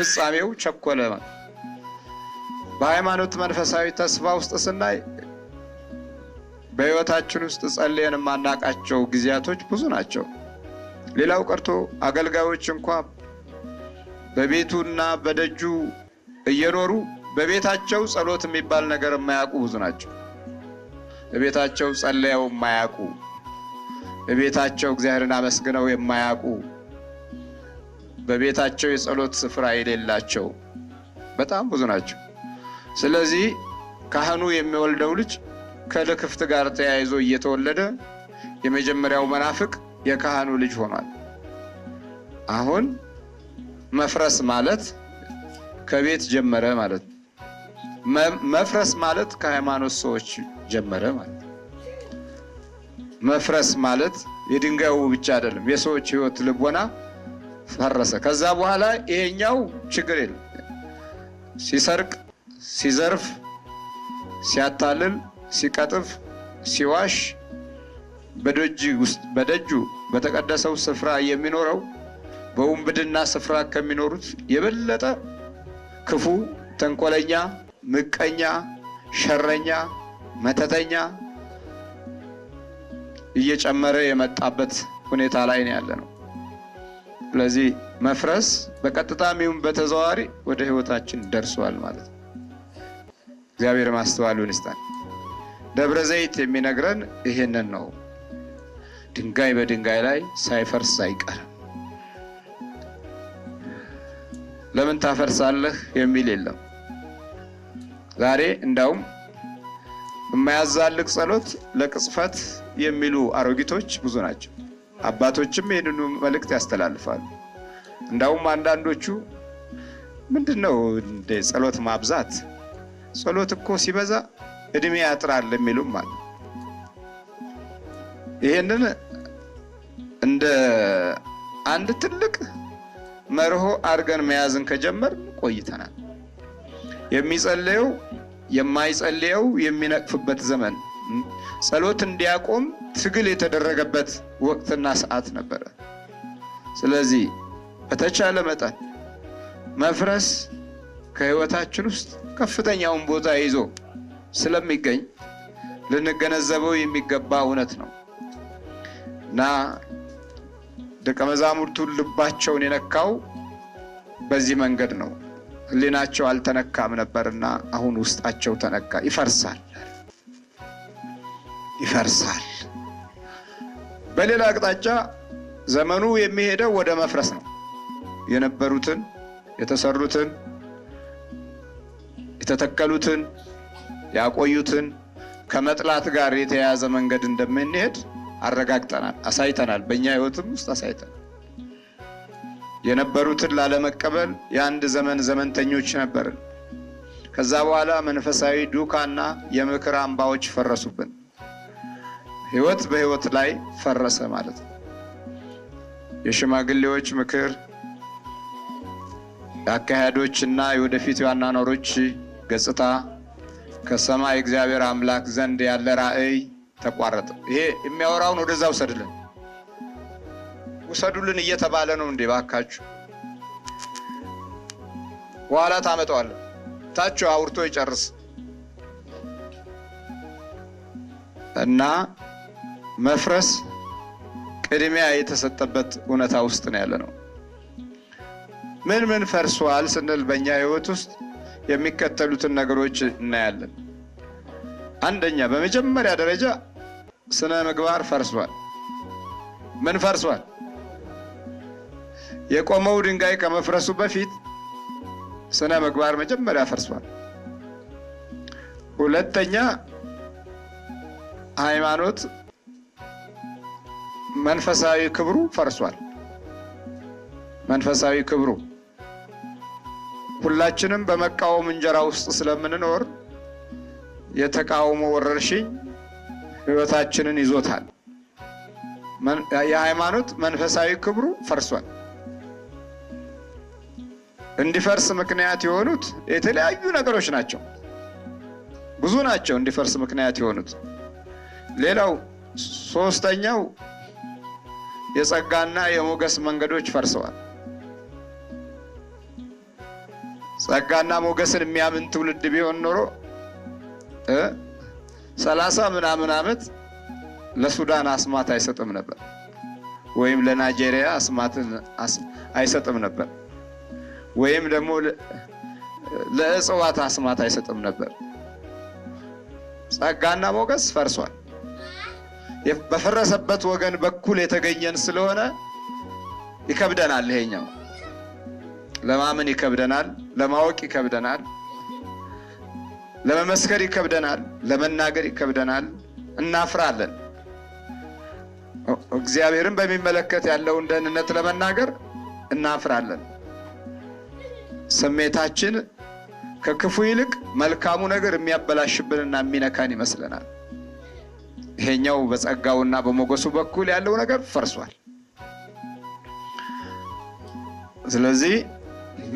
ፍጻሜው ቸኮለ። በሃይማኖት መንፈሳዊ ተስፋ ውስጥ ስናይ በሕይወታችን ውስጥ ጸልየን የማናቃቸው ጊዜያቶች ብዙ ናቸው። ሌላው ቀርቶ አገልጋዮች እንኳ በቤቱና በደጁ እየኖሩ በቤታቸው ጸሎት የሚባል ነገር የማያውቁ ብዙ ናቸው። በቤታቸው ጸልየው የማያውቁ በቤታቸው እግዚአብሔርን አመስግነው የማያውቁ በቤታቸው የጸሎት ስፍራ የሌላቸው በጣም ብዙ ናቸው። ስለዚህ ካህኑ የሚወልደው ልጅ ከልክፍት ጋር ተያይዞ እየተወለደ የመጀመሪያው መናፍቅ የካህኑ ልጅ ሆኗል። አሁን መፍረስ ማለት ከቤት ጀመረ ማለት ነው። መፍረስ ማለት ከሃይማኖት ሰዎች ጀመረ ማለት ነው። መፍረስ ማለት የድንጋዩ ብቻ አይደለም፣ የሰዎች ሕይወት ልቦና ፈረሰ። ከዛ በኋላ ይሄኛው ችግር የለም። ሲሰርቅ፣ ሲዘርፍ፣ ሲያታልል፣ ሲቀጥፍ፣ ሲዋሽ በደጁ በተቀደሰው ስፍራ የሚኖረው በውንብድና ስፍራ ከሚኖሩት የበለጠ ክፉ፣ ተንኮለኛ፣ ምቀኛ፣ ሸረኛ፣ መተተኛ እየጨመረ የመጣበት ሁኔታ ላይ ነው ያለ ነው። ስለዚህ መፍረስ በቀጥታሚውም በተዘዋዋሪ ወደ ህይወታችን ደርሷል ማለት ነው። እግዚአብሔር ማስተዋሉን ይስጣል። ደብረ ዘይት የሚነግረን ይህንን ነው። ድንጋይ በድንጋይ ላይ ሳይፈርስ አይቀርም። ለምን ታፈርሳለህ የሚል የለም። ዛሬ እንዳውም የማያዛልቅ ጸሎት ለቅጽፈት የሚሉ አሮጊቶች ብዙ ናቸው። አባቶችም ይህንኑ መልእክት ያስተላልፋሉ። እንዳውም አንዳንዶቹ ምንድን ነው እንደ ጸሎት ማብዛት፣ ጸሎት እኮ ሲበዛ እድሜ ያጥራል የሚሉም አለ። ይህንን እንደ አንድ ትልቅ መርሆ አድርገን መያዝን ከጀመር ቆይተናል። የሚጸለየው የማይጸልየው የሚነቅፍበት ዘመን ጸሎት እንዲያቆም ትግል የተደረገበት ወቅትና ሰዓት ነበረ። ስለዚህ በተቻለ መጠን መፍረስ ከህይወታችን ውስጥ ከፍተኛውን ቦታ ይዞ ስለሚገኝ ልንገነዘበው የሚገባ እውነት ነው እና ደቀ መዛሙርቱን ልባቸውን የነካው በዚህ መንገድ ነው። ህሊናቸው አልተነካም ነበርና አሁን ውስጣቸው ተነካ፣ ይፈርሳል። ይፈርሳል። በሌላ አቅጣጫ ዘመኑ የሚሄደው ወደ መፍረስ ነው። የነበሩትን የተሰሩትን የተተከሉትን ያቆዩትን ከመጥላት ጋር የተያያዘ መንገድ እንደምንሄድ አረጋግጠናል፣ አሳይተናል። በእኛ ህይወትም ውስጥ አሳይተናል። የነበሩትን ላለመቀበል የአንድ ዘመን ዘመንተኞች ነበርን። ከዛ በኋላ መንፈሳዊ ዱካና የምክር አምባዎች ፈረሱብን። ህይወት በህይወት ላይ ፈረሰ ማለት ነው። የሽማግሌዎች ምክር፣ የአካሄዶች እና የወደፊት የአኗኗሮች ገጽታ ከሰማይ እግዚአብሔር አምላክ ዘንድ ያለ ራእይ ተቋረጠ። ይሄ የሚያወራውን ወደዛ ውሰድልን ውሰዱልን እየተባለ ነው እንዴ? ባካችሁ በኋላ ታመጠዋለ። ታችሁ አውርቶ ይጨርስ እና መፍረስ ቅድሚያ የተሰጠበት እውነታ ውስጥ ነው ያለ ነው። ምን ምን ፈርሷል ስንል በእኛ ህይወት ውስጥ የሚከተሉትን ነገሮች እናያለን። አንደኛ፣ በመጀመሪያ ደረጃ ስነ ምግባር ፈርሷል። ምን ፈርሷል? የቆመው ድንጋይ ከመፍረሱ በፊት ስነ ምግባር መጀመሪያ ፈርሷል። ሁለተኛ፣ ሃይማኖት መንፈሳዊ ክብሩ ፈርሷል። መንፈሳዊ ክብሩ ሁላችንም በመቃወም እንጀራ ውስጥ ስለምንኖር የተቃውሞ ወረርሽኝ ህይወታችንን ይዞታል። የሃይማኖት መንፈሳዊ ክብሩ ፈርሷል። እንዲፈርስ ምክንያት የሆኑት የተለያዩ ነገሮች ናቸው። ብዙ ናቸው እንዲፈርስ ምክንያት የሆኑት። ሌላው ሶስተኛው የጸጋና የሞገስ መንገዶች ፈርሰዋል። ጸጋና ሞገስን የሚያምን ትውልድ ቢሆን ኖሮ ሰላሳ ምናምን ዓመት ለሱዳን አስማት አይሰጥም ነበር፣ ወይም ለናይጄሪያ አስማትን አይሰጥም ነበር፣ ወይም ደግሞ ለእጽዋት አስማት አይሰጥም ነበር። ጸጋና ሞገስ ፈርሷል። በፈረሰበት ወገን በኩል የተገኘን ስለሆነ ይከብደናል። ይሄኛው ለማመን ይከብደናል፣ ለማወቅ ይከብደናል፣ ለመመስከር ይከብደናል፣ ለመናገር ይከብደናል። እናፍራለን። እግዚአብሔርን በሚመለከት ያለውን ደህንነት ለመናገር እናፍራለን። ስሜታችን ከክፉ ይልቅ መልካሙ ነገር የሚያበላሽብንና የሚነካን ይመስለናል። ይሄኛው በጸጋውና በሞገሱ በኩል ያለው ነገር ፈርሷል። ስለዚህ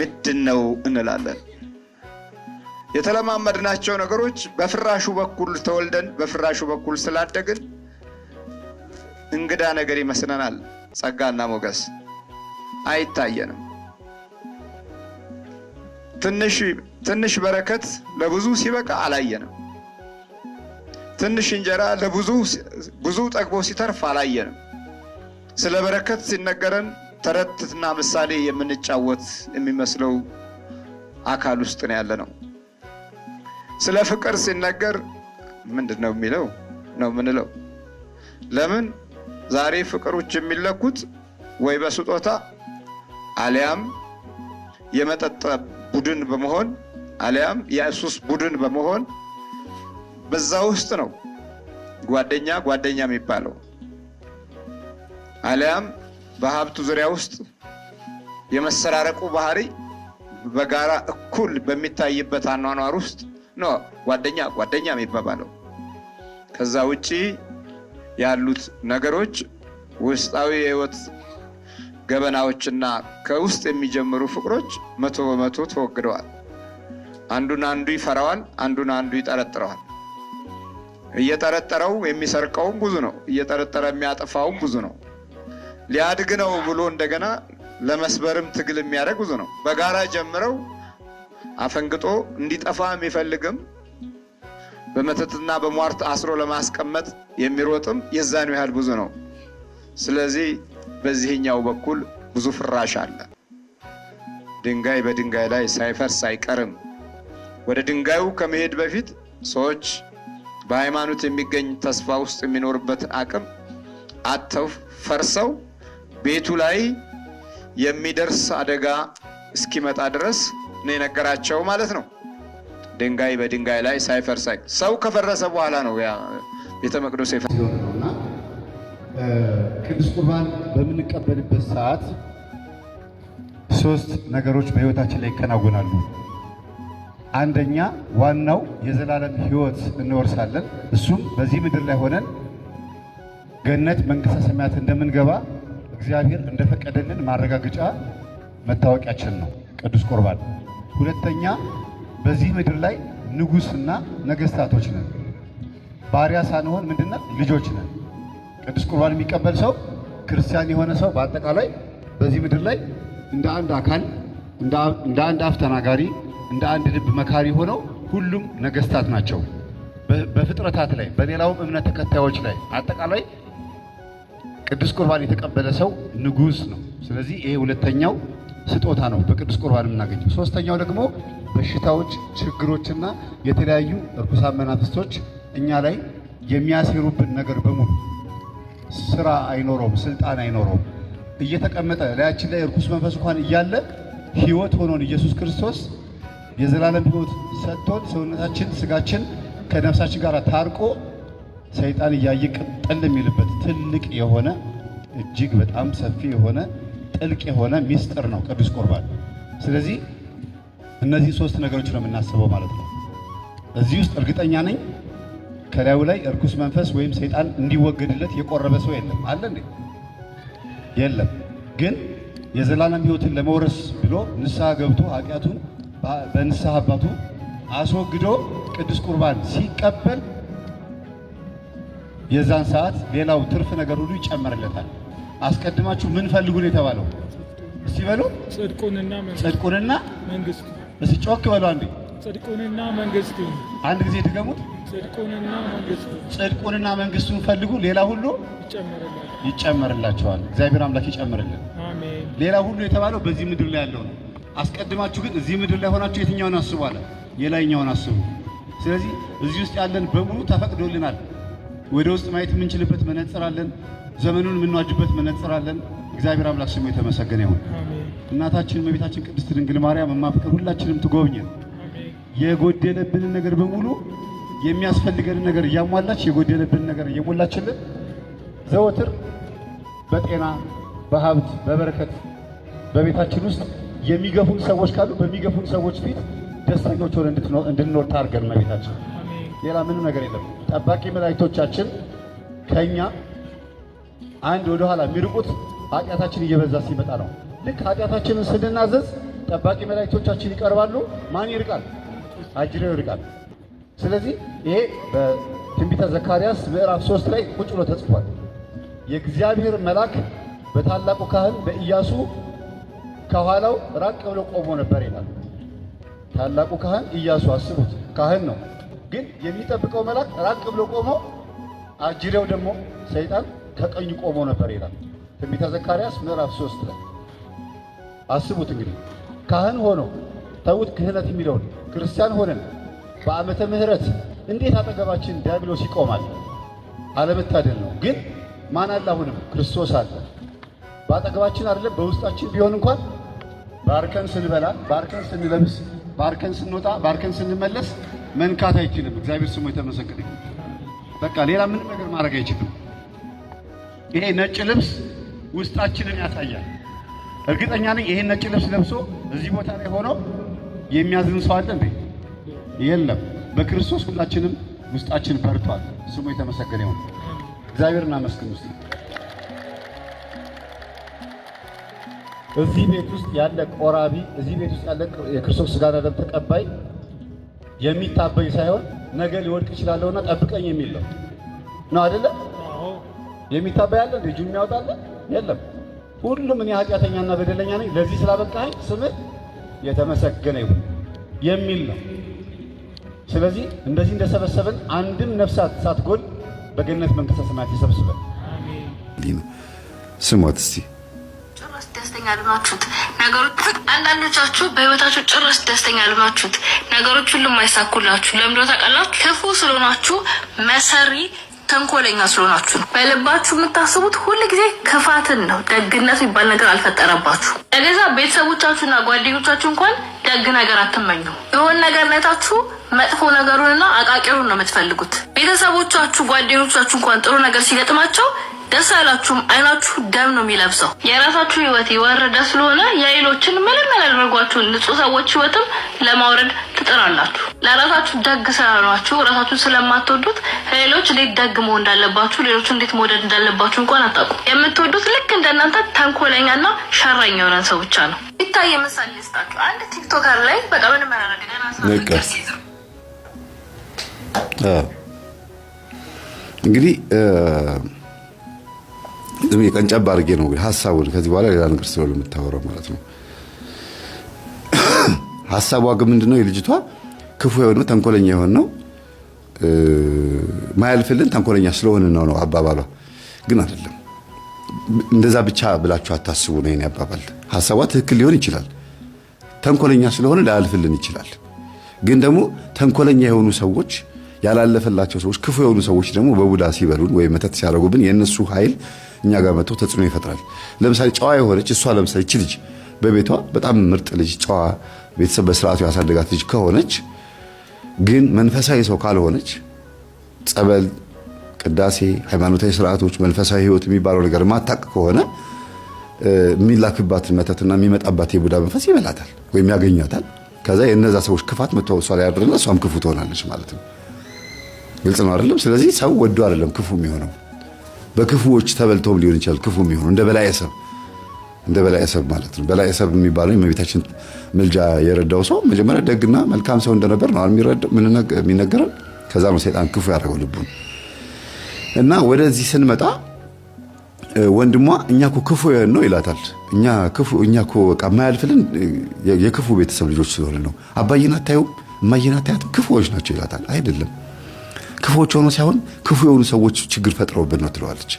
ምንድን ነው እንላለን። የተለማመድናቸው ነገሮች በፍራሹ በኩል ተወልደን በፍራሹ በኩል ስላደግን እንግዳ ነገር ይመስለናል። ጸጋና ሞገስ አይታየንም። ትንሽ በረከት ለብዙ ሲበቃ አላየንም። ትንሽ እንጀራ ለብዙ ብዙ ጠግቦ ሲተርፍ አላየንም። ስለ በረከት ሲነገረን ተረትና ምሳሌ የምንጫወት የሚመስለው አካል ውስጥ ነው ያለ ነው። ስለ ፍቅር ሲነገር ምንድን ነው የሚለው ነው ምንለው? ለምን ዛሬ ፍቅሮች የሚለኩት ወይ በስጦታ አሊያም የመጠጥ ቡድን በመሆን አሊያም የሱስ ቡድን በመሆን በዛ ውስጥ ነው ጓደኛ ጓደኛ የሚባለው። አሊያም በሀብቱ ዙሪያ ውስጥ የመሰራረቁ ባህሪ በጋራ እኩል በሚታይበት አኗኗር ውስጥ ነው ጓደኛ ጓደኛ የሚባባለው። ከዛ ውጪ ያሉት ነገሮች ውስጣዊ የህይወት ገበናዎችና ከውስጥ የሚጀምሩ ፍቅሮች መቶ በመቶ ተወግደዋል። አንዱን አንዱ ይፈራዋል፣ አንዱን አንዱ ይጠረጥረዋል። እየጠረጠረው የሚሰርቀውም ብዙ ነው። እየጠረጠረ የሚያጠፋውም ብዙ ነው። ሊያድግ ነው ብሎ እንደገና ለመስበርም ትግል የሚያደርግ ብዙ ነው። በጋራ ጀምረው አፈንግጦ እንዲጠፋ የሚፈልግም በመተትና በሟርት አስሮ ለማስቀመጥ የሚሮጥም የዛን ያህል ብዙ ነው። ስለዚህ በዚህኛው በኩል ብዙ ፍራሽ አለ። ድንጋይ በድንጋይ ላይ ሳይፈርስ አይቀርም። ወደ ድንጋዩ ከመሄድ በፊት ሰዎች በሃይማኖት የሚገኝ ተስፋ ውስጥ የሚኖርበት አቅም አጥተው ፈርሰው ቤቱ ላይ የሚደርስ አደጋ እስኪመጣ ድረስ ነው የነገራቸው ማለት ነው። ድንጋይ በድንጋይ ላይ ሳይፈርስ ሰው ከፈረሰ በኋላ ነው ቤተ መቅደስ የፈነውና ቅዱስ ቁርባን በምንቀበልበት ሰዓት ሶስት ነገሮች በህይወታችን ላይ ይከናወናሉ። አንደኛ ዋናው የዘላለም ህይወት እንወርሳለን። እሱም በዚህ ምድር ላይ ሆነን ገነት መንግስት ሰማያት እንደምንገባ እግዚአብሔር እንደፈቀደልን ማረጋገጫ መታወቂያችን ነው ቅዱስ ቁርባን። ሁለተኛ በዚህ ምድር ላይ ንጉስና ነገስታቶች ነን። ባሪያ ሳንሆን ምንድነው ልጆች ነን። ቅዱስ ቁርባን የሚቀበል ሰው ክርስቲያን የሆነ ሰው በአጠቃላይ በዚህ ምድር ላይ እንደ አንድ አካል እንደ አንድ አፍ ተናጋሪ እንደ አንድ ልብ መካሪ ሆነው ሁሉም ነገስታት ናቸው። በፍጥረታት ላይ በሌላውም እምነት ተከታዮች ላይ አጠቃላይ ቅዱስ ቁርባን የተቀበለ ሰው ንጉስ ነው። ስለዚህ ይሄ ሁለተኛው ስጦታ ነው በቅዱስ ቁርባን የምናገኘው። ሶስተኛው ደግሞ በሽታዎች፣ ችግሮችና የተለያዩ እርኩሳን መናፍስቶች እኛ ላይ የሚያሴሩብን ነገር በሙሉ ስራ አይኖረውም፣ ስልጣን አይኖረውም። እየተቀመጠ ላያችን ላይ እርኩስ መንፈስ እንኳን እያለ ህይወት ሆኖን ኢየሱስ ክርስቶስ የዘላለም ህይወት ሰጥቶን ሰውነታችን ስጋችን ከነፍሳችን ጋር ታርቆ ሰይጣን እያየ ቅጠል የሚልበት ትልቅ የሆነ እጅግ በጣም ሰፊ የሆነ ጥልቅ የሆነ ሚስጥር ነው ቅዱስ ቁርባን። ስለዚህ እነዚህ ሶስት ነገሮች ነው የምናስበው ማለት ነው። እዚህ ውስጥ እርግጠኛ ነኝ ከላዩ ላይ እርኩስ መንፈስ ወይም ሰይጣን እንዲወገድለት የቆረበ ሰው የለም። አለ እንዴ? የለም። ግን የዘላለም ህይወትን ለመውረስ ብሎ ንስሐ ገብቶ ኃጢአቱን በንስሐ አባቱ አስወግዶ ቅዱስ ቁርባን ሲቀበል የዛን ሰዓት ሌላው ትርፍ ነገር ሁሉ ይጨመርለታል። አስቀድማችሁ ምን ፈልጉን የተባለው? እስቲ በሉ ጽድቁንና መንግስቱ። እስቲ ጮክ በሉ አንዴ ጽድቁንና መንግስቱ። አንድ ጊዜ ድገሙት። ጽድቁንና መንግስቱ፣ ጽድቁንና መንግስቱን ፈልጉ፣ ሌላ ሁሉ ይጨመርላችኋል። እግዚአብሔር አምላክ ይጨምርልን። ሌላ ሁሉ የተባለው በዚህ ምድር ላይ ያለው ነው። አስቀድማችሁ ግን እዚህ ምድር ላይ ሆናችሁ የትኛውን አስቡ አለ? የላይኛውን አስቡ። ስለዚህ እዚህ ውስጥ ያለን በሙሉ ተፈቅዶልናል። ወደ ውስጥ ማየት የምንችልበት መነጽር አለን። ዘመኑን የምንዋጅበት መነጽር አለን። እግዚአብሔር አምላክ ስሙ የተመሰገነ ይሁን። እናታችን መቤታችን ቅድስት ድንግል ማርያም የማፍቀር ሁላችንም ትጎብኘን። የጎደለብንን ነገር በሙሉ የሚያስፈልገንን ነገር እያሟላች የጎደለብንን ነገር እየሞላችልን ዘወትር በጤና በሀብት በበረከት በቤታችን ውስጥ የሚገፉን ሰዎች ካሉ በሚገፉን ሰዎች ፊት ደስተኞች ሆነን እንድንኖር ታርገን መቤታችን ሌላ ምንም ነገር የለም። ጠባቂ መላእክቶቻችን ከኛ አንድ ወደ ኋላ የሚርቁት ኃጢአታችን እየበዛ ሲመጣ ነው። ልክ ኃጢአታችንን ስንናዘዝ ጠባቂ መላእክቶቻችን ይቀርባሉ። ማን ይርቃል? አጅሬው ይርቃል። ስለዚህ ይሄ በትንቢተ ዘካርያስ ምዕራፍ ሶስት ላይ ቁጭ ብሎ ተጽፏል። የእግዚአብሔር መልአክ በታላቁ ካህን በኢያሱ ከኋላው ራቅ ብሎ ቆሞ ነበር ይላል። ታላቁ ካህን እያሱ አስቡት፣ ካህን ነው፣ ግን የሚጠብቀው መልአክ ራቅ ብሎ ቆሞ፣ አጅሬው ደግሞ ሰይጣን ከቀኙ ቆሞ ነበር ይላል ትንቢተ ዘካርያስ ምዕራፍ 3 ላይ አስቡት እንግዲህ ካህን ሆኖ ተውት ክህነት የሚለውን ክርስቲያን ሆነን በዓመተ ምሕረት እንዴት አጠገባችን ዲያብሎስ ይቆማል? አለመታደል ነው። ግን ማን አለ? አሁንም ክርስቶስ አለ በአጠገባችን አይደለም በውስጣችን ቢሆን እንኳን ባርከን ስንበላ፣ ባርከን ስንለብስ፣ ባርከን ስንወጣ፣ ባርከን ስንመለስ መንካት አይችልም። እግዚአብሔር ስሙ የተመሰገነ በቃ ሌላ ምንም ነገር ማድረግ አይችልም። ይሄ ነጭ ልብስ ውስጣችንን ያሳያል። እርግጠኛ ነኝ ይሄን ነጭ ልብስ ለብሶ እዚህ ቦታ ላይ ሆኖ የሚያዝን ሰው አለ እንዴ? የለም። በክርስቶስ ሁላችንም ውስጣችን በርቷል። ስሙ የተመሰገነ ይሁን። እናመስግን ውስጥ እዚህ ቤት ውስጥ ያለ ቆራቢ፣ እዚህ ቤት ውስጥ ያለ የክርስቶስ ስጋና ደም ተቀባይ የሚታበይ ሳይሆን ነገ ሊወድቅ ይችላለሁና ጠብቀኝ የሚል ነው ነው አይደለ? የሚታበይ አለ እጁ የሚያወጣለ የለም። ሁሉም እኔ ኃጢአተኛና በደለኛ ነኝ፣ ለዚህ ስላበቃኝ ስምህ የተመሰገነ ይሁን የሚል ነው። ስለዚህ እንደዚህ እንደሰበሰበን አንድም ነፍሳት ሳትጎል በገነት መንግሥተ ሰማያት ይሰብስበን። ስሞት እስቲ ደስተኛ አልሆናችሁት ነገሮች አንዳንዶቻችሁ በህይወታችሁ ጭራሽ ደስተኛ አልሆናችሁት ነገሮች ሁሉም አይሳኩላችሁ ለምደ ታውቃላችሁ። ክፉ ስለሆናችሁ መሰሪ ተንኮለኛ ስለሆናችሁ ነው። በልባችሁ የምታስቡት ሁል ጊዜ ክፋትን ነው። ደግነቱ ይባል ነገር አልፈጠረባችሁ። ለገዛ ቤተሰቦቻችሁና ጓደኞቻችሁ እንኳን ደግ ነገር አትመኙ። የሆን ነገር ነታችሁ መጥፎ ነገሩንና አቃቂሩን ነው የምትፈልጉት። ቤተሰቦቻችሁ ጓደኞቻችሁ እንኳን ጥሩ ነገር ሲገጥማቸው ደስ አላችሁም አይናችሁ ደም ነው የሚለብሰው። የራሳችሁ ህይወት የወረደ ስለሆነ የሌሎችን ምንም ያላደረጓችሁን ንጹህ ሰዎች ህይወትም ለማውረድ ትጥራላችሁ። ለራሳችሁ ደግ ስላሏችሁ ራሳችሁን ስለማትወዱት ሌሎች እንዴት ደግ መሆን እንዳለባችሁ፣ ሌሎች እንዴት መውደድ እንዳለባችሁ እንኳን አታውቁም። የምትወዱት ልክ እንደናንተ ተንኮለኛና ሸረኛ የሆነን ሰው ብቻ ነው። ይታይ ምሳሌ ልስጣችሁ። አንድ ቲክቶከር ላይ በቃ ምንም እንግዲህ ዝም ቀንጨብ አድርጌ ነው ሀሳቡን ከዚህ በኋላ ሌላ ነገር ስለሆነ የምታወራው ማለት ነው። ሀሳቧ ግን ምንድነው? የልጅቷ ክፉ የሆነው ተንኮለኛ የሆን ነው ማያልፍልን ተንኮለኛ ስለሆን ነው ነው አባባሏ። ግን አይደለም እንደዛ ብቻ ብላችሁ አታስቡ ነው የእኔ አባባል። ሀሳቧ ትክክል ሊሆን ይችላል። ተንኮለኛ ስለሆነ ላያልፍልን ይችላል። ግን ደግሞ ተንኮለኛ የሆኑ ሰዎች ያላለፈላቸው ሰዎች ክፉ የሆኑ ሰዎች ደግሞ በቡዳ ሲበሉን ወይም መተት ሲያደርጉብን የእነሱ ኃይል እኛ ጋር መጥቶ ተጽዕኖ ይፈጥራል። ለምሳሌ ጨዋ የሆነች እሷ ለምሳሌ እቺ ልጅ በቤቷ በጣም ምርጥ ልጅ፣ ጨዋ ቤተሰብ በስርዓቱ ያሳደጋት ልጅ ከሆነች ግን መንፈሳዊ ሰው ካልሆነች ጸበል፣ ቅዳሴ፣ ሃይማኖታዊ ስርዓቶች፣ መንፈሳዊ ህይወት የሚባለው ነገር ማታቅ ከሆነ የሚላክባትን መተትና የሚመጣባት የቡዳ መንፈስ ይበላታል ወይም ያገኛታል። ከዛ የእነዛ ሰዎች ክፋት መተው እሷ ላይ ያድርና እሷም ክፉ ትሆናለች ማለት ነው። ግልጽ ነው አይደለም? ስለዚህ ሰው ወዶ አይደለም ክፉ የሚሆነው በክፉዎች ተበልተውም ሊሆን ይችላል። ክፉ የሚሆኑ እንደ ሰብ እንደ ሰብ ማለት ነው። ሰብ የሚባለው የእመቤታችን ምልጃ የረዳው ሰው መጀመሪያ ደግና መልካም ሰው እንደነበር ነው የሚነገረን። ከዛ ነው ሰይጣን ክፉ ያደረገው ልቡን እና ወደዚህ ስንመጣ ወንድሟ እኛ እኮ ክፉ ነው ይላታል። እኛ ክፉ እኛ እኮ በቃ የማያልፍልን የክፉ ቤተሰብ ልጆች ስለሆነ ነው። አባዬን አታዩም? እማዬን አታያትም? ክፉዎች ናቸው ይላታል። አይደለም ክፉዎች ሆኖ ሳይሆን ክፉ የሆኑ ሰዎች ችግር ፈጥረውብን ነው ትለዋለች።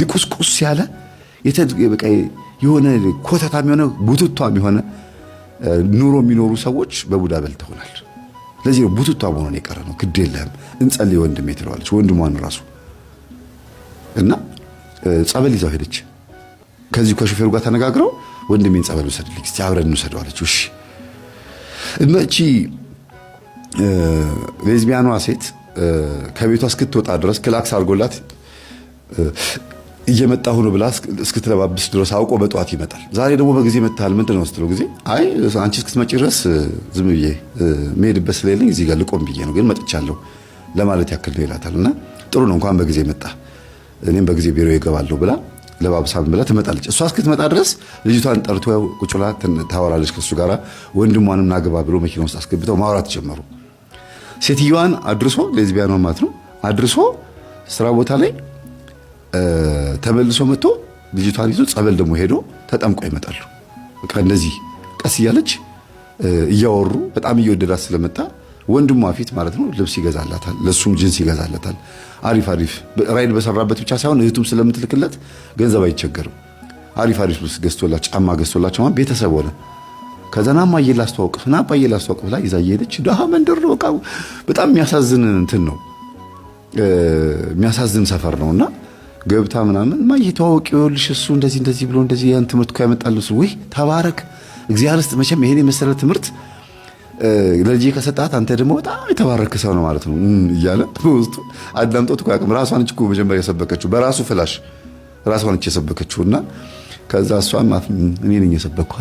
ድቁስቁስ ያለ የሆነ ኮተታም የሆነ ቡትቷም የሆነ ኑሮ የሚኖሩ ሰዎች በቡዳ በልተውናል። ለዚህ ነው ቡትቷ መሆኑን የቀረ ነው። ግድ የለህም እንጸልይ ወንድሜ ትለዋለች። ወንድሟን ራሱ እና ጸበል ይዛው ሄደች። ከዚህ ከሾፌሩ ጋር ተነጋግረው ወንድሜን ጸበል ውሰድልኝ እስኪ አብረን እንውሰደዋለች። እሺ እመቺ ሌዝቢያኗ ሴት ከቤቷ እስክትወጣ ድረስ ክላክስ አድርጎላት እየመጣ ሆኖ ብላ እስክትለባብስ ድረስ አውቆ በጠዋት ይመጣል። ዛሬ ደግሞ በጊዜ መታል ምንድን ነው ስትለው ጊዜ አይ አንቺ እስክትመጪ ድረስ ዝም ብዬ መሄድበት ስለሌለኝ እዚህ ጋር ልቆም ብዬ ነው፣ ግን መጥቻለሁ ለማለት ያክል ነው ይላታል። እና ጥሩ ነው እንኳን በጊዜ መጣ፣ እኔም በጊዜ ቢሮ ይገባለሁ ብላ ለባብሳ ብላ ትመጣለች። እሷ እስክትመጣ ድረስ ልጅቷን ጠርቶ ቁጭላ ታወራለች ከሱ ጋራ። ወንድሟንም ናግባ ብሎ መኪና ውስጥ አስገብተው ማውራት ጀመሩ። ሴትዮዋን አድርሶ ሌዝቢያኗ ማለት ነው አድርሶ ስራ ቦታ ላይ ተመልሶ መጥቶ ልጅቷን ይዞ ጸበል ደግሞ ሄዶ ተጠምቆ ይመጣሉ። በቃ እንደዚህ ቀስ እያለች እያወሩ በጣም እየወደዳት ስለመጣ ወንድሟ ፊት ማለት ነው ልብስ ይገዛላታል፣ ለሱም ጅንስ ይገዛላታል። አሪፍ አሪፍ ራይድ በሰራበት ብቻ ሳይሆን እህቱም ስለምትልክለት ገንዘብ አይቸገርም። አሪፍ አሪፍ ልብስ ገዝቶላቸው ጫማ ገዝቶላቸው ቤተሰብ ሆነ። ከዛና ማየ ላስተዋውቅህ ና ባየ ላስተዋውቅህ ብላ ይዛ እየሄደች ድሀ መንደር ነው። በቃ በጣም የሚያሳዝን እንትን ነው የሚያሳዝን ሰፈር ነውና ገብታ ምናምን ማየ ተዋወቅ ይኸውልሽ እሱ እንደዚህ እንደዚህ ብሎ እንደዚህ ያን ትምህርት እኮ ያመጣል ወይ ተባረክ እግዚአብሔር ስጥ መቼም ይሄን የመሰለ ትምህርት ለልጄ ከሰጣት አንተ ደግሞ በጣም የተባረክ ሰው ነው ማለት ነው እያለ በውስጡ አዳምጦት እኮ ያውቅም። ራሷን እኮ መጀመሪያ የሰበከችው በራሱ ፍላሽ ራሷን የሰበከችውና ከዛ እሷ እኔ ነኝ የሰበኩ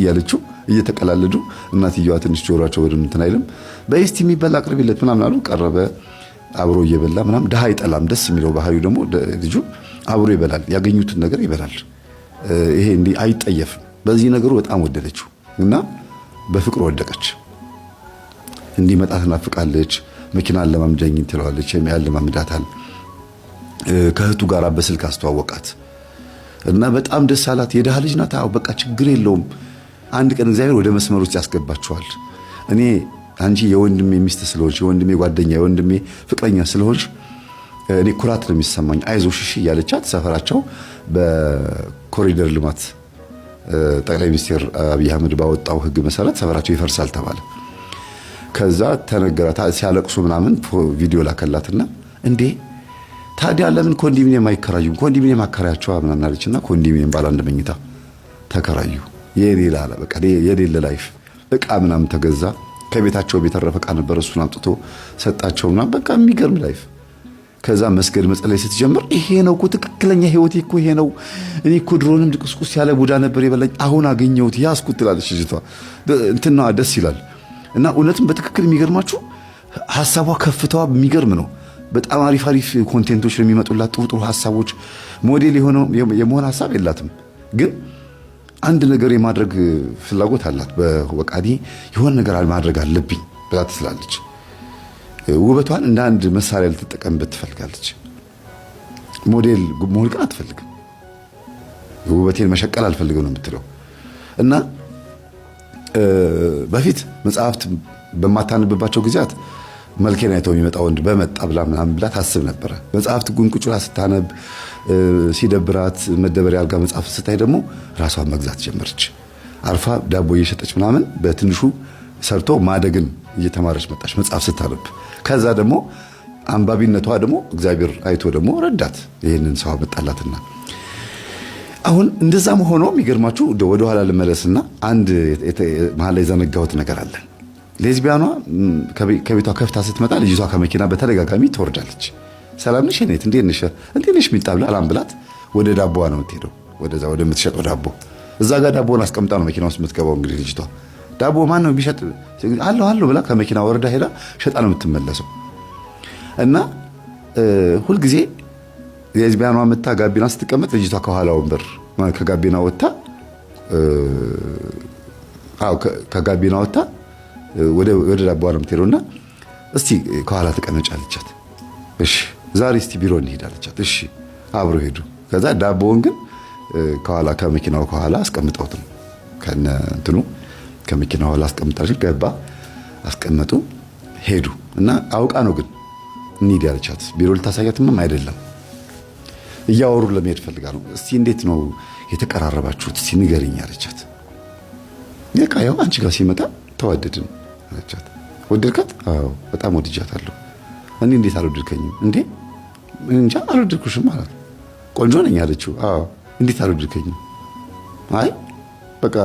እያለችው እየተቀላለዱ፣ እናትየዋ ትንሽ ጆሯቸው ወደ እንትን አይልም። በኢስት የሚበላ አቅርቢለት ምናምን አሉ። ቀረበ አብሮ እየበላ ምናምን። ድሃ አይጠላም። ደስ የሚለው ባህሪው ደግሞ ልጁ አብሮ ይበላል። ያገኙትን ነገር ይበላል። ይሄ እንዲህ አይጠየፍም። በዚህ ነገሩ በጣም ወደደችው እና በፍቅር ወደቀች። እንዲመጣ ትናፍቃለች። መኪናን ለማምጃኝ ትለዋለች። ያለማምዳታል። ከእህቱ ጋር በስልክ አስተዋወቃት። እና በጣም ደስ አላት። የድሃ ልጅ ናት። አዎ በቃ ችግር የለውም። አንድ ቀን እግዚአብሔር ወደ መስመር ውስጥ ያስገባችኋል። እኔ አንቺ የወንድሜ ሚስት ስለሆንሽ፣ የወንድሜ ጓደኛ፣ የወንድሜ ፍቅረኛ ስለሆንሽ እኔ ኩራት ነው የሚሰማኝ። አይዞሽ እሺ እያለቻት ሰፈራቸው በኮሪደር ልማት ጠቅላይ ሚኒስትር አብይ አህመድ ባወጣው ህግ መሰረት ሰፈራቸው ይፈርሳል ተባለ። ከዛ ተነገራት። ሲያለቅሱ ምናምን ቪዲዮ ላከላትና እንዴ ታዲያ ለምን ኮንዶሚኒየም አይከራዩም? ኮንዶሚኒየም አከራያቸው ምናምን አለችና ኮንዶሚኒየም ባለ አንድ መኝታ ተከራዩ። የሌላ በቃ የሌለ ላይፍ እቃ ምናምን ተገዛ። ከቤታቸው የተረፈ እቃ ነበር፣ እሱን አምጥቶ ሰጣቸው ምናምን በቃ የሚገርም ላይፍ። ከዛ መስገድ መጸለይ ስትጀምር ይሄ ነው እኮ ትክክለኛ ህይወቴ እኮ ይሄ ነው። እኔ እኮ ድሮንም ድቅስቁስ ያለ ቡዳ ነበር የበላኝ፣ አሁን አገኘሁት ያስኩት ትላለች ልጅቷ። እንትና ደስ ይላል። እና እውነትም በትክክል የሚገርማችሁ ሀሳቧ ከፍተዋ የሚገርም ነው። በጣም አሪፍ አሪፍ ኮንቴንቶች የሚመጡላት፣ ጥሩ ጥሩ ሀሳቦች። ሞዴል የመሆን ሀሳብ የላትም፣ ግን አንድ ነገር የማድረግ ፍላጎት አላት። በወቃዲ የሆነ ነገር ማድረግ አለብኝ ብላ ትስላለች። ውበቷን እንደ አንድ መሳሪያ ልትጠቀምበት ትፈልጋለች። ሞዴል መሆን ግን አትፈልግም። ውበቴን መሸቀል አልፈልግም ነው የምትለው እና በፊት መጽሐፍት በማታንብባቸው ጊዜያት መልኬን አይቶ የሚመጣ ወንድ በመጣ ብላ ምናምን ብላ ታስብ ነበረ። መጽሐፍት ጉንቁጭላ ስታነብ ሲደብራት መደበሪያ አልጋ መጽሐፍ ስታይ ደግሞ ራሷን መግዛት ጀመረች። አርፋ ዳቦ እየሸጠች ምናምን በትንሹ ሰርቶ ማደግን እየተማረች መጣች መጽሐፍ ስታነብ። ከዛ ደግሞ አንባቢነቷ ደግሞ እግዚአብሔር አይቶ ደግሞ ረዳት፣ ይህንን ሰው አመጣላትና አሁን እንደዛም ሆኖ የሚገርማችሁ ወደኋላ ልመለስና አንድ መሀል ላይ ዘነጋሁት ነገር አለን ሌዝቢያኗ ከቤቷ ከፍታ ስትመጣ ልጅቷ ከመኪና በተደጋጋሚ ትወርዳለች። ሰላም ነሽ ኔት እንዴት ነሽ እንዴት ነሽ ሚጣ ብላ አላም ብላት ወደ ዳቦዋ ነው የምትሄደው፣ ወደዛ ወደምትሸጠው ዳቦ እዛ ጋር ዳቦውን አስቀምጣ ነው መኪና ውስጥ የምትገባው። እንግዲህ ልጅቷ ዳቦ ማን ነው የሚሸጥ አለሁ አለሁ ብላ ከመኪና ወረዳ ሄዳ ሸጣ ነው የምትመለሰው። እና ሁልጊዜ ሌዝቢያኗ መታ ጋቢና ስትቀመጥ ልጅቷ ከኋላ ወንበር ከጋቢና ወጥታ ከጋቢና ወጥታ ወደ ዳቦዋ ነው የምትሄደው እና እስቲ ከኋላ ተቀመጭ አለቻት። እሺ ዛሬ እስቲ ቢሮ እንሄድ አለቻት። እሺ አብሮ ሄዱ። ከዛ ዳቦውን ግን ከኋላ ከመኪናው ከኋላ አስቀምጠውት ነው ከነ እንትኑ ከመኪናው ኋላ አስቀምጣች ገባ አስቀመጡ ሄዱ እና አውቃ ነው ግን እንሂድ ያለቻት ቢሮ ልታሳያትም አይደለም እያወሩ ለመሄድ ፈልጋ ነው እስቲ እንዴት ነው የተቀራረባችሁት እስቲ ንገሪኝ አለቻት ይህ ያው አንቺ ጋር ሲመጣ ተዋደድን አለቻት። ወደድካት? አዎ በጣም ወድጃታለሁ። እኔ እንዴት አልወደድከኝም እንዴ? እንጃ አልወደድኩሽም አላት። ቆንጆ ነኝ አለችው። አዎ እንዴት አልወደድከኝም? አይ በቃ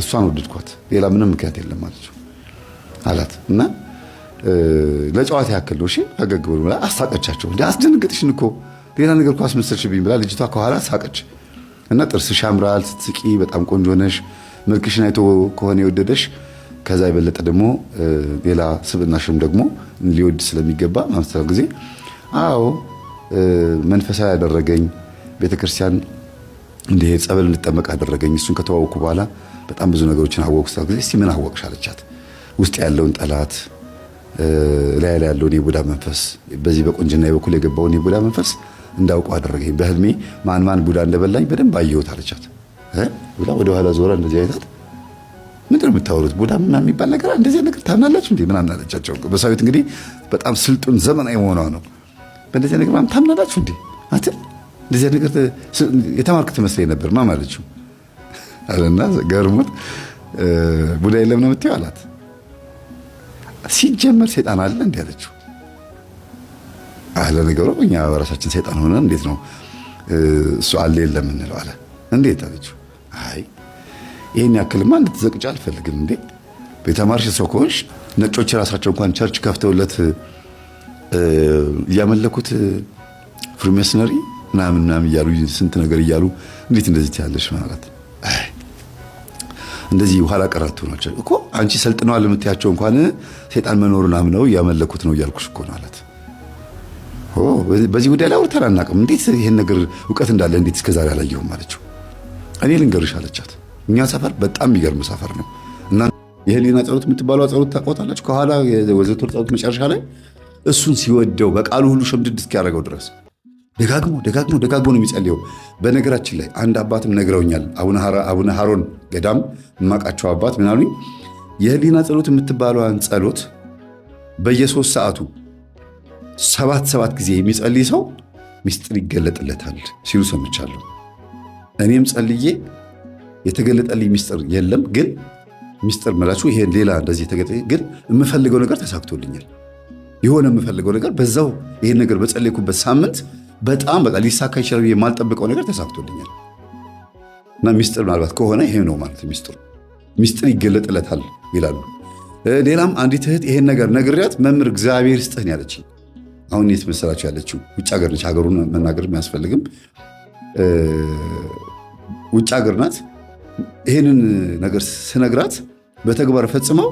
እሷን ወደድኳት፣ ሌላ ምንም ምክንያት የለም አለችው አላት እና ለጨዋታ ያክል ነው። እሺ ፈገግ ብሎ አሳቀቻቸው። እንደ አስደነገጥሽን እኮ ሌላ ነገር እኮ አስመሰልሽብኝ ብላ ልጅቷ ከኋላ ሳቀች እና ጥርስሽ ያምራል ስትስቂ፣ በጣም ቆንጆ ነሽ፣ መልክሽን አይቶ ከሆነ የወደደሽ ከዛ የበለጠ ደግሞ ሌላ ስብናሽም ደግሞ ሊወድ ስለሚገባ ማምስተው ጊዜ አዎ መንፈሳዊ ያደረገኝ ቤተክርስቲያን እንደ ጸበል እንድጠመቅ አደረገኝ። እሱን ከተዋወቅኩ በኋላ በጣም ብዙ ነገሮችን አወቅ ስለ ጊዜ እስቲ ምን አወቅሽ አለቻት። ውስጥ ያለውን ጠላት ላይ ላይ ያለውን የቡዳ መንፈስ በዚህ በቆንጅና በኩል የገባውን የቡዳ መንፈስ እንዳውቀው አደረገኝ። በህልሜ ማን ማን ቡዳ እንደበላኝ በደንብ አየሁት አለቻት ብላ ወደኋላ ዞራ እንደዚህ አይታት ምንድነው የምታወሩት? ቡዳ ምና የሚባል ነገር እንደዚህ ነገር ታምናላችሁ እንዴ? ምናምን አለቻቸው። በሳዊት እንግዲህ በጣም ስልጡን ዘመናዊ መሆኗ ነው። በእንደዚህ ነገር ምናምን ታምናላችሁ እንዴ? አንተ እንደዚህ ነገር የተማርክ ትመስለኝ ነበር ምናምን አለችው አለና ገርሞት ቡዳ የለም ነው የምትይው አላት። ሲጀመር ሰይጣን አለ እንዴ አለችው። አለ ነገሩ እኛ በራሳችን ሰይጣን ሆነን እንዴት ነው እሱ አለ የለም እንለው አለ። እንዴት አለችው። አይ ይህን ያክልማ እንድትዘቅጭ አልፈልግም እንዴ ቤተማርሽ ሰው ከሆንሽ ነጮች ራሳቸው እንኳን ቸርች ከፍተውለት እያመለኩት ፍሪሜስነሪ ምናምን ምናምን እያሉ ስንት ነገር እያሉ እንዴት እንደዚህ ትያለሽ? ማለት እንደዚህ ኋላ ቀራት ሆናቸው እኮ አንቺ ሰልጥነዋል የምትያቸው እንኳን ሴጣን መኖሩን ነው እያመለኩት ነው እያልኩሽ እኮ ማለት በዚህ ጉዳይ ላይ አውርተን አናውቅም። እንዴት ይህን ነገር እውቀት እንዳለ እንዴት እስከዛሬ አላየሁም አለችው። እኔ ልንገርሽ አለቻት። እኛ ሰፈር በጣም የሚገርም ሰፈር ነው እና የህሊና ጸሎት የምትባለው ጸሎት ታቆታለች። ከኋላ ወዘቶር ጸሎት መጨረሻ ላይ እሱን ሲወደው በቃሉ ሁሉ ሸምድድ እስኪያደርገው ድረስ ደጋግሞ ደጋግሞ ደጋግሞ ነው የሚጸልየው። በነገራችን ላይ አንድ አባትም ነግረውኛል። አቡነ ሀሮን ገዳም የማውቃቸው አባት ምናሉኝ የህሊና ጸሎት የምትባለዋን ጸሎት በየሶስት ሰዓቱ ሰባት ሰባት ጊዜ የሚጸልይ ሰው ሚስጥር ይገለጥለታል ሲሉ ሰምቻለሁ። እኔም ጸልዬ የተገለጠልኝ ሚስጥር የለም። ግን ሚስጥር መላችሁ ይሄ ሌላ እንደዚህ የተገጠ ግን የምፈልገው ነገር ተሳክቶልኛል። የሆነ የምፈልገው ነገር በዛው ይሄን ነገር በጸለይኩበት ሳምንት በጣም በቃ ሊሳካ ይችላል የማልጠብቀው ነገር ተሳክቶልኛል እና ሚስጥር ምናልባት ከሆነ ይሄ ነው ማለት ሚስጥሩ። ሚስጥር ይገለጥለታል ይላሉ። ሌላም አንዲት እህት ይሄን ነገር ነግሪያት መምህር እግዚአብሔር ስጥህን ያለችኝ አሁን የት መሰላችሁ ያለችው ውጭ ሀገር ነች። ሀገሩን መናገር አያስፈልግም። ውጭ ሀገር ናት። ይህንን ነገር ስነግራት በተግባር ፈጽመው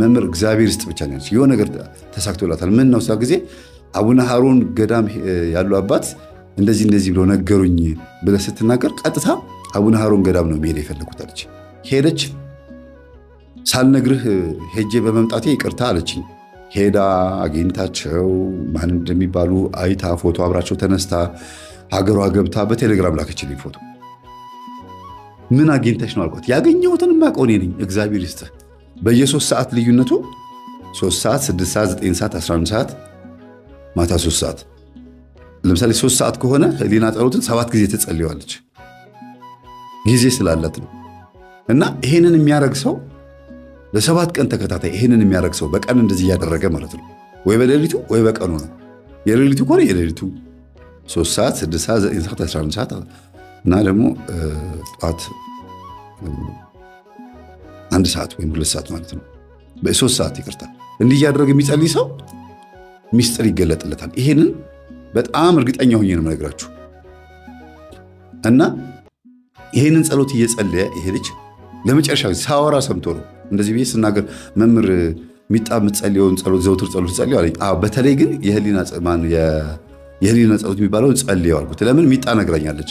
መምህር እግዚአብሔር ይስጥ ብቻ ነው የሆነ ነገር ተሳክቶላታል። ምን ነው ጊዜ አቡነ ሀሮን ገዳም ያሉ አባት እንደዚህ እንደዚህ ብሎ ነገሩኝ ብለህ ስትናገር ቀጥታ አቡነ ሀሮን ገዳም ነው መሄድ የፈለጉት አለች። ሄደች። ሳልነግርህ ሄጄ በመምጣቴ ይቅርታ አለችኝ። ሄዳ አግኝታቸው ማን እንደሚባሉ አይታ ፎቶ አብራቸው ተነስታ ሀገሯ ገብታ በቴሌግራም ላከችልኝ ፎቶ ምን አግኝተሽ ነው አልኳት። ያገኘሁትን የማውቀው እኔ ነኝ። እግዚአብሔር ይስጥህ። በየሶስት ሰዓት ልዩነቱ ሶስት ሰዓት፣ ስድስት ሰዓት፣ ዘጠኝ ሰዓት፣ አስራ አንድ ሰዓት፣ ማታ ሶስት ሰዓት። ለምሳሌ ሶስት ሰዓት ከሆነ ህሊና ጸሎትን ሰባት ጊዜ ትጸልዋለች። ጊዜ ስላላት ነው። እና ይሄንን የሚያደርግ ሰው ለሰባት ቀን ተከታታይ ይሄንን የሚያደርግ ሰው በቀን እንደዚህ እያደረገ ማለት ነው። ወይ በሌሊቱ ወይ በቀኑ ነው። የሌሊቱ ከሆነ የሌሊቱ ሶስት ሰዓት፣ ስድስት ሰዓት፣ ዘጠኝ ሰዓት፣ አስራ አንድ ሰዓት እና ደግሞ ጠዋት አንድ ሰዓት ወይም ሁለት ሰዓት ማለት ነው በሶስት ሰዓት ይቅርታል እንዲህ እያደረገ የሚጸልይ ሰው ሚስጥር ይገለጥለታል። ይሄንን በጣም እርግጠኛ ሆኜ ነው የምነግራችሁ። እና ይሄንን ጸሎት እየጸለየ ይሄ ልጅ ለመጨረሻ ጊዜ ሳወራ ሰምቶ ነው እንደዚህ ብዬ ስናገር፣ መምህር ሚጣ የምትጸልየውን ጸሎት ዘውትር ጸሎት ጸልዩ አለኝ። በተለይ ግን የህሊና ጸሎት የሚባለውን ጸልየው አልኩት። ለምን ሚጣ ነግረኛለች።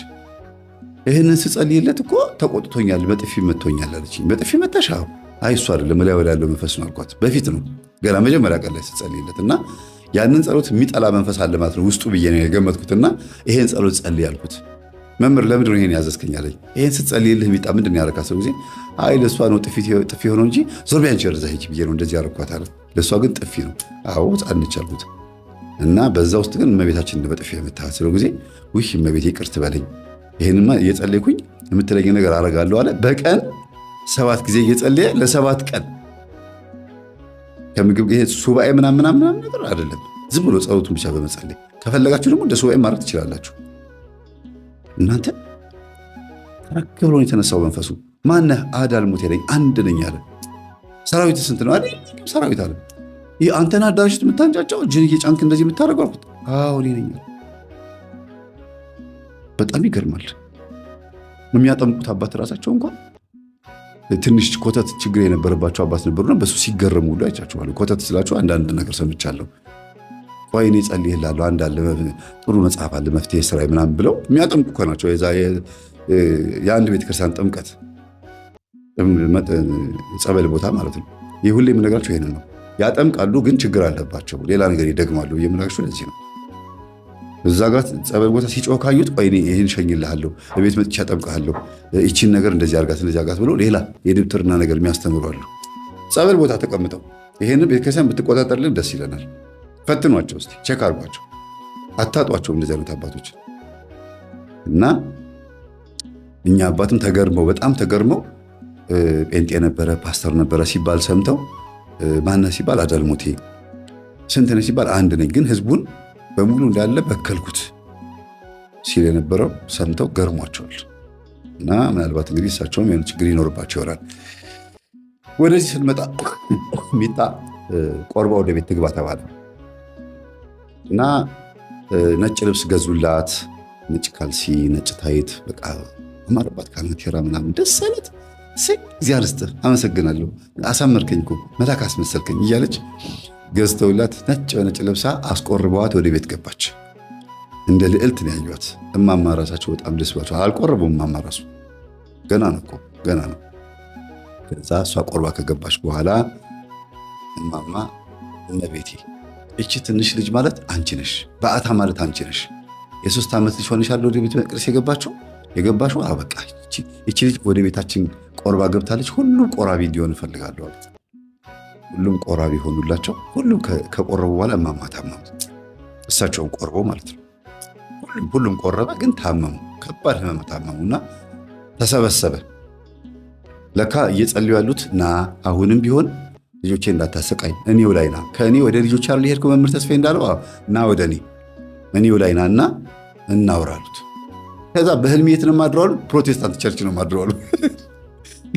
ይህንን ስጸልይለት እኮ ተቆጥቶኛል፣ በጥፊ መቶኛል አለችኝ። በጥፊ መታሽ? አይ እሱ አይደለም እላዩ ላይ ያለው መንፈስ ነው አልኳት። በፊት ነው ገና መጀመሪያ ቀን ላይ ስጸልይለት እና ያንን ጸሎት የሚጠላ መንፈስ አለ ማለት ነው ውስጡ ብዬ ነው የገመትኩትና ይሄን ጸሎት ጸልይ ያልኩት መምህር ለምንድን ነው ይሄን ያዘዝከኝ አለኝ። ይሄን ስትጸልይልህ ቢጣ ምንድን ነው ያደረካት? ጊዜ አይ ለእሷ ነው ጥፊ የሆነው እንጂ ዞር ቢያንቺ ርዛ ሂጂ ብዬ ነው እንደዚህ ያደረኳት አለ። ለእሷ ግን ጥፊ ነው። አዎ ጻንች አልኩት እና በዛ ውስጥ ግን እመቤታችን በጥፊ የመታሃት ስለው ጊዜ ውይ እመቤቴ ይቅርት በለኝ ይህንማ እየጸለይኩኝ የምትለኝ ነገር አረጋለሁ አለ። በቀን ሰባት ጊዜ እየጸለየ ለሰባት ቀን ከምግብ ሱባኤ ምናምን ምናምን ነገር አይደለም። ዝም ብሎ ጸሎቱን ብቻ በመጸለይ ከፈለጋችሁ ደግሞ እንደ ሱባኤ ማድረግ ትችላላችሁ። እናንተ ረክ ብሎን የተነሳው መንፈሱ ማነህ? አዳል አልሞት የለኝ አንድ ነኝ አለ። ሰራዊት ስንት ነው? አ ሰራዊት አለ። አንተን አዳራሽ የምታንጫጫው ጅን እየጫንክ እንደዚህ የምታደርገው አልኩት። አዎ እኔ ነኝ አለ። በጣም ይገርማል። የሚያጠምቁት አባት እራሳቸው እንኳን ትንሽ ኮተት ችግር የነበረባቸው አባት ነበሩና በሱ ሲገረሙ ሁሉ አይቻቸዋለሁ። ኮተት ስላቸው አንዳንድ ነገር ሰምቻለሁ። ቆይ እኔ ጸልይላለሁ፣ አንድ አለ ጥሩ መጽሐፍ አለ መፍትሄ ስራ ምናምን ብለው የሚያጠምቁ እኮ ናቸው። የአንድ ቤተክርስቲያን ጥምቀት ጸበል ቦታ ማለት ነው። ይህ ሁሌ የምነግራቸው ይህንን ነው። ያጠምቃሉ፣ ግን ችግር አለባቸው። ሌላ ነገር ይደግማሉ። የምነግራቸው ለዚህ ነው። እዛ ጋር ጸበል ቦታ ሲጮህ ካዩት ቆይ እኔ ይህን ሸኝልሃለሁ፣ ቤት መጥቼ አጠምቅሃለሁ፣ ይቺን ነገር እንደዚህ አርጋት እንደዚህ አርጋት ብሎ ሌላ የድብትርና ነገር የሚያስተምሩ አሉ። ጸበል ቦታ ተቀምጠው ይህን ቤተክርስቲያን ብትቆጣጠርልን ደስ ይለናል። ፈትኗቸው እስኪ ቼክ አርጓቸው፣ አታጧቸው እንደዚህ አይነት አባቶች እና እኛ አባትም ተገርመው በጣም ተገርመው ጴንጤ ነበረ ፓስተር ነበረ ሲባል ሰምተው ማነ ሲባል አዳልሞቴ ስንት ነ ሲባል አንድ ነኝ ግን ህዝቡን በሙሉ እንዳለ በከልኩት ሲል የነበረው ሰምተው ገርሟቸዋል። እና ምናልባት እንግዲህ እሳቸውም የሆነ ችግር ይኖርባቸው ይሆናል። ወደዚህ ስንመጣ ሚጣ ቆርባ ወደ ቤት ትግባ ተባለ እና ነጭ ልብስ ገዙላት። ነጭ ካልሲ፣ ነጭ ታይት፣ በቃ አማረባት። ካልነቴራ ምናምን ደስ አይነት ሴ እግዚአብሔር ይስጥህ፣ አመሰግናለሁ፣ አሳመርከኝ መላክ አስመሰልከኝ እያለች ገዝተውላት ነጭ በነጭ ለብሳ አስቆርበዋት ወደ ቤት ገባች። እንደ ልዕልት ነው ያዩት። እማማ ራሳቸው በጣም ደስ ብሏቸው አልቆረቡም። እማማ ራሱ ገና ነው እኮ ገና ነው። ከዛ እሷ ቆርባ ከገባች በኋላ እማማ እመቤቴ፣ እቺ ትንሽ ልጅ ማለት አንቺ ነሽ፣ በአታ ማለት አንቺ ነሽ። የሶስት ዓመት ልጅ ሆነሻል ወደ ቤተ መቅደስ የገባችው የገባሽው። አበቃ እቺ ልጅ ወደ ቤታችን ቆርባ ገብታለች፣ ሁሉም ቆራቢ እንዲሆን እፈልጋለሁ ሁሉም ቆራቢ ሆኑላቸው። ሁሉም ከቆረቡ በኋላ እማማ ታመሙ። እሳቸውም ቆርበው ማለት ነው። ሁሉም ቆረበ፣ ግን ታመሙ። ከባድ ህመም ታመሙ እና ተሰበሰበ። ለካ እየጸልዩ ያሉት ና አሁንም ቢሆን ልጆቼ እንዳታሰቃኝ እኔው ላይ ና፣ ከእኔ ወደ ልጆች አሉ ሄድኩ መምህር ተስፋ እንዳለው ና ወደ እኔ እኔው ላይ ና እና እናውራሉት። ከዛ በህልም የት ነው ማድረዋሉ? ፕሮቴስታንት ቸርች ነው ማድረዋሉ።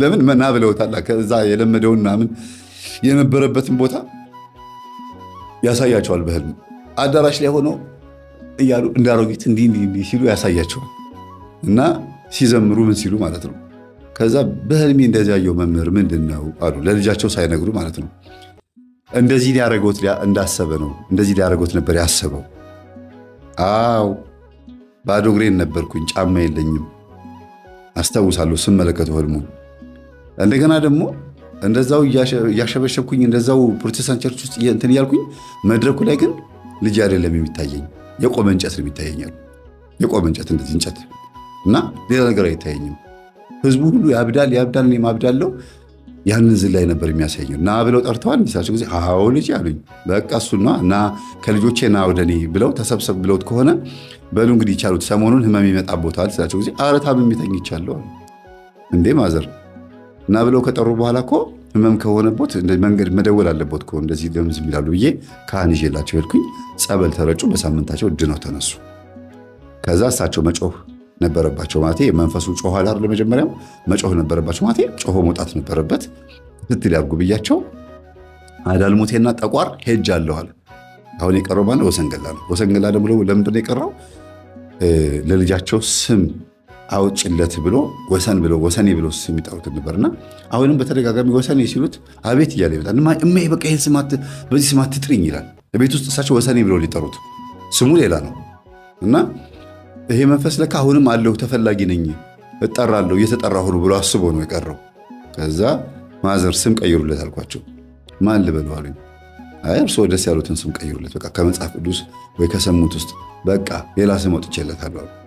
ለምን መና ብለውታላ ከዛ የለመደውን ምናምን የነበረበትን ቦታ ያሳያቸዋል። በህልም አዳራሽ ላይ ሆነው እያሉ እንዳሮጊት እንዲህ እንዲህ ሲሉ ያሳያቸዋል እና ሲዘምሩ ምን ሲሉ ማለት ነው። ከዛ በህልሜ እንደዚህ ያየው መምህር ምንድን ነው አሉ ለልጃቸው ሳይነግሩ ማለት ነው። እንደዚህ ሊያደረገት እንዳሰበ ነው እንደዚህ ሊያደረገት ነበር ያሰበው። አዎ ባዶ እግሬን ነበርኩኝ፣ ጫማ የለኝም። አስታውሳለሁ ስመለከተው ህልሙን እንደገና ደግሞ እንደዛው እያሸበሸብኩኝ እንደዛው ፕሮቴስታንት ቸርች ውስጥ እንትን እያልኩኝ መድረኩ ላይ ግን ልጅ አይደለም የሚታየኝ፣ የቆመ እንጨት ነው የሚታየኛል። የቆመ እንጨት እንደዚህ እንጨት እና ሌላ ነገር አይታየኝም። ህዝቡ ሁሉ ያብዳል ያብዳል፣ እኔም አብዳለሁ። ያንን ዝን ላይ ነበር የሚያሳየኝ። ና ብለው ጠርተዋል ሳቸው ጊዜ አዎ ልጅ አሉኝ። በቃ እሱና ና ከልጆቼ ና ወደ እኔ ብለው ተሰብሰብ ብለውት ከሆነ በሉ እንግዲህ ይቻሉት ሰሞኑን ህመም ይመጣ ቦታል ሳቸው ጊዜ አረታም የሚተኝ ይቻለዋል እንዴ ማዘር እና ብለው ከጠሩ በኋላ እኮ ህመም ከሆነቦት መንገድ መደወል አለቦት እኮ እንደዚህ ደምዝ ይላሉ ብዬ ካህን ይዤላቸው ሄድኩኝ። ጸበል ተረጩ። በሳምንታቸው ድነው ተነሱ። ከዛ እሳቸው መጮህ ነበረባቸው ማለት መንፈሱ ጮኸ አላር ለመጀመሪያም መጮህ ነበረባቸው ማለት ጮሆ መውጣት ነበረበት። ስትል ያርጉ ብያቸው አዳልሙቴና ጠቋር ሄጅ አለኋል። አሁን የቀረው ማለት ወሰንገላ ነው። ወሰንገላ ደግሞ ለምንድን ነው የቀረው? ለልጃቸው ስም አውጭለት ብሎ ወሰን ብሎ ወሰኔ ብሎ የሚጠሩት ነበርና አሁንም በተደጋጋሚ ወሰኔ ሲሉት አቤት እያለ ይመጣል። እማ በቃ ይህን ስማት በዚህ ስማት ትጥርኝ ይላል። ቤት ውስጥ እሳቸው ወሰኔ ብሎ ሊጠሩት ስሙ ሌላ ነው እና ይሄ መንፈስ ለካ አሁንም አለሁ ተፈላጊ ነኝ እጠራለሁ እየተጠራ ነው ብሎ አስቦ ነው የቀረው። ከዛ ማዘር ስም ቀይሩለት አልኳቸው። ማን ልበለው አሉኝ። አይ እርስዎ ደስ ያሉትን ስም ቀይሩለት፣ በቃ ከመጽሐፍ ቅዱስ ወይ ከሰሙት ውስጥ በቃ ሌላ ስም አውጥቼለታለሁ አሉ።